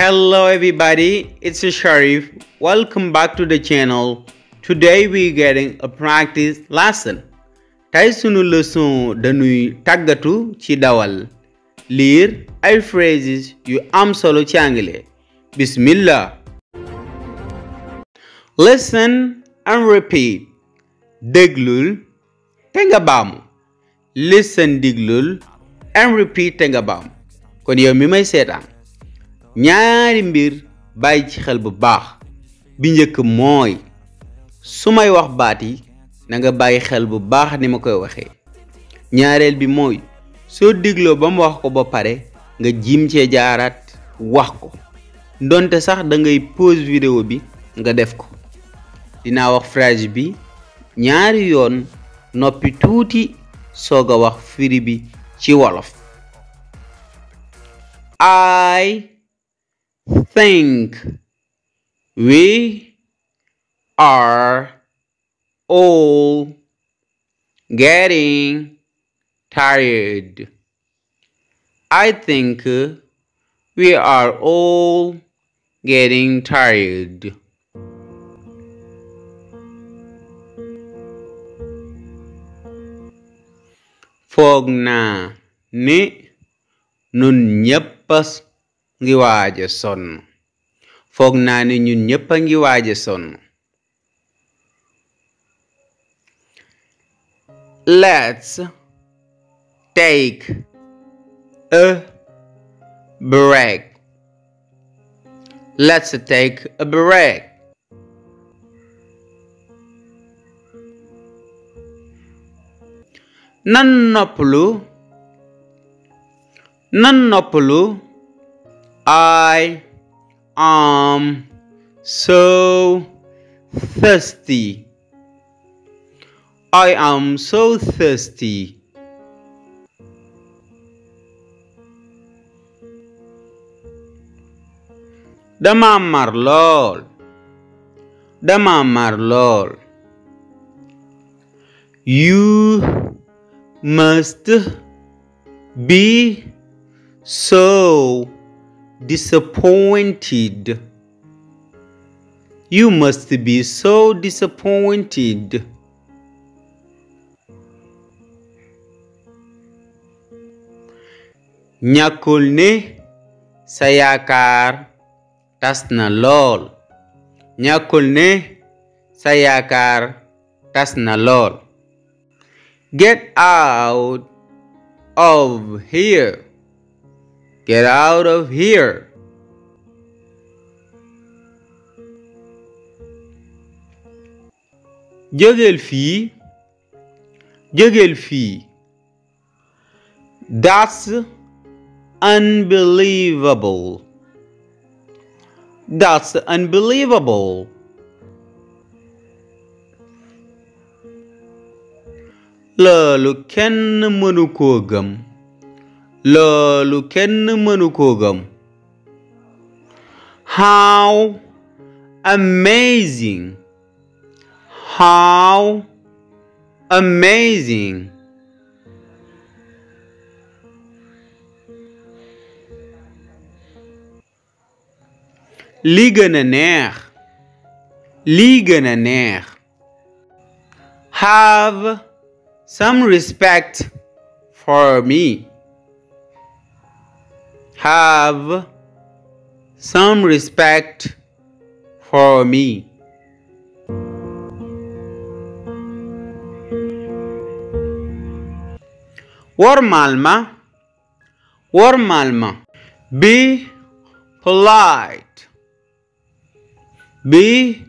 Hello everybody, it's Sharif. Welcome back to the channel. Today we're getting a practice lesson. tey sunu leçon dañuy tàggatu ci dawal. lire ay phrases yu am solo ci anglais. Bismillah. Listen and repeat. déglul te nga baamu. listen déglul and repeat te nga baamu. kon yow mi may seetaan. ñaari mbir bàyyi ci xel bu baax bi njëkk mooy su may wax baat yi na bàyyi xel bu baax ni ma koy waxee ñaareel bi mooy soo digloo ba mu wax ko ba pare nga jiim cee jaaraat wax ko donte sax dangay ngay pause bi nga def ko dinaa wax phrase bi ñaari yoon noppi tuuti soog a wax firi bi ci wolof think we are all getting tired. I think we are all getting tired. ngi waaja sonn foog naa ne ñun ñépp a ngi waaja sonn let's take a nan noppalu nan I am so thirsty. I am so thirsty. dama mar lool dama You must be so disappointed. You must be so disappointed. ñàkkul ne sa tas na lool ñàkkul ne sa yaakaar tas na lool get out of here Get out of here! jógeel fii jógeel fii that's unbelievable that's unbelievable loolu kenn mënu koo gëm loolu kenn mënu koo gëm how amazing how amazing li gën a neex li gën a neex have some respect for me have some respect for me. Warm alma, warm alma. Be polite. Be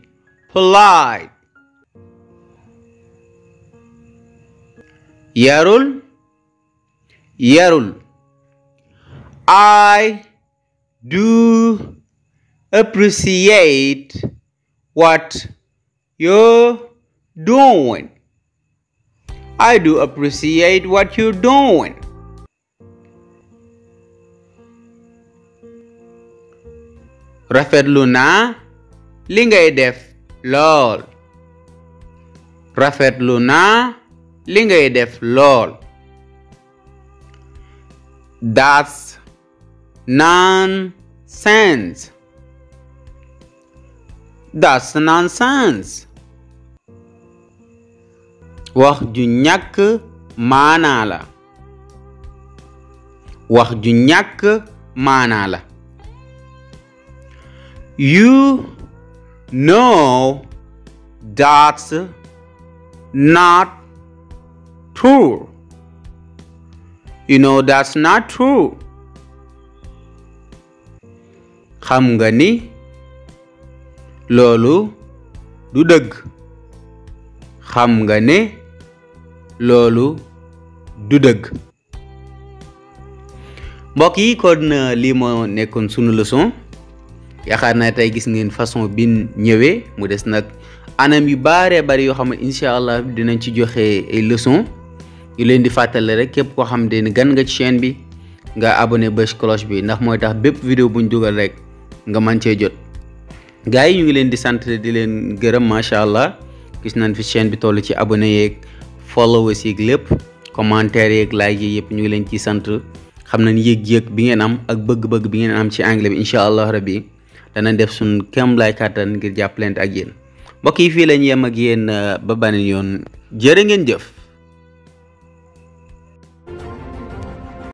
yarul. I do appreciate what rafetlu naa li ngay def lool rafetlu naa li ngay def lool nonsense. That's nonsense. wax ju ñàkk maanaa la wax ju ñàkk you know that's not true you know that's not true xam nga ni loolu du dëgg xam nga ni loolu du dëgg mbokk yi kon euh, lii moo nekkoon sunu leçon yaakaar naa tey gis ngeen façon bin ñëwee mu des nag anam yu baaree bari yoo xam ne incha allah dinañ ci joxe ay leçon yu leen di fàttale rek képp koo xam ne gan nga ci chaîne bi nga abone bës cloche bi ndax mooy tax bépp vidéo buñ dugal rek nga man cee jot gars yi ñu ngi leen di sant di leen gërëm macha allah gis nañ fi chaîne bi toll ci abonné yeeg followers yeeg lépp commentaire yeeg like yi yëpp ñu ngi leen ci sant xam nañ yëg-yëg bi ngeen am ak bëgg-bëgg bi ngeen am ci anglais bi incha allah rabbi danañ def suñ kem lay kàttan ngir jàppalante ak yéen mbokk yi fii lañ yem ak yéen euh, ba baneen yoon jërë ngeen jëf